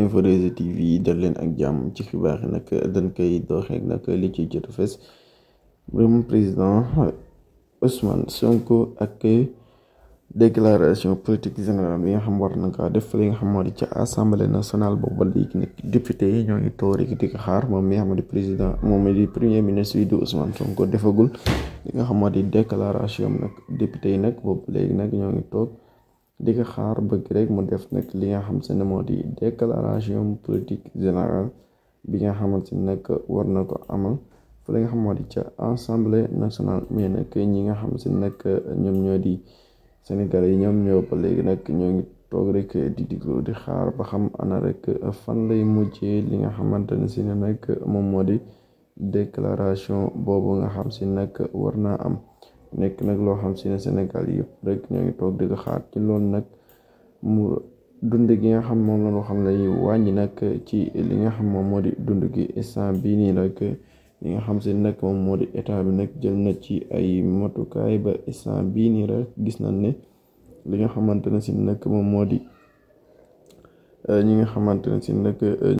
Infos 2S TV dal leen ak jàmm ci xibaax yi nag dañ koy dooxeek nag li ci jot fes mu président Ousmane Sonko ak déclaration politique générale bi nga xam war na kaa def yi nga xam moo di ca assemblée nationale boobu ba léegi nag député yi ñoo ngi toog rek di xaar moom mi nga xam président moom di premier ministre yi di Ousmane Sonko defagul li nga xam moo di déclaration nag député yi nag boobu léegi nag ñoo ngi toog. di ko xaar bëgg rek mu def nag li nga xam se ne moo di déclaration politique général bi nga xamante ne nag war na ko amal fa la nga xam moo di ca assemblée nationale mais nag ñi nga xam se ne nag ñoom ñoo di Sénégal yi ñoom ñoo ba léegi nag ñoo ngi toog rek di diglu di xaar ba xam ana rek fan lay mujjee li nga xamante ne si ne nag moom moo di déclaration boobu nga xam si nag war naa am. nekk nag loo xam si ne Sénégal yëpp rek ñoo ngi toog di ko xaar ci loolu nag mu dund gi nga xam moom la ñu xam lay wàññi nag ci li nga xam moom moo di dund gi instant bii nii rek li nga xam si nag moom moo di état bi nag jël na ci ay matukaay ba instant bii nii gis nañ ne li nga xamante ne si nag moom moo di euh, ñi nga xamante ne si nag.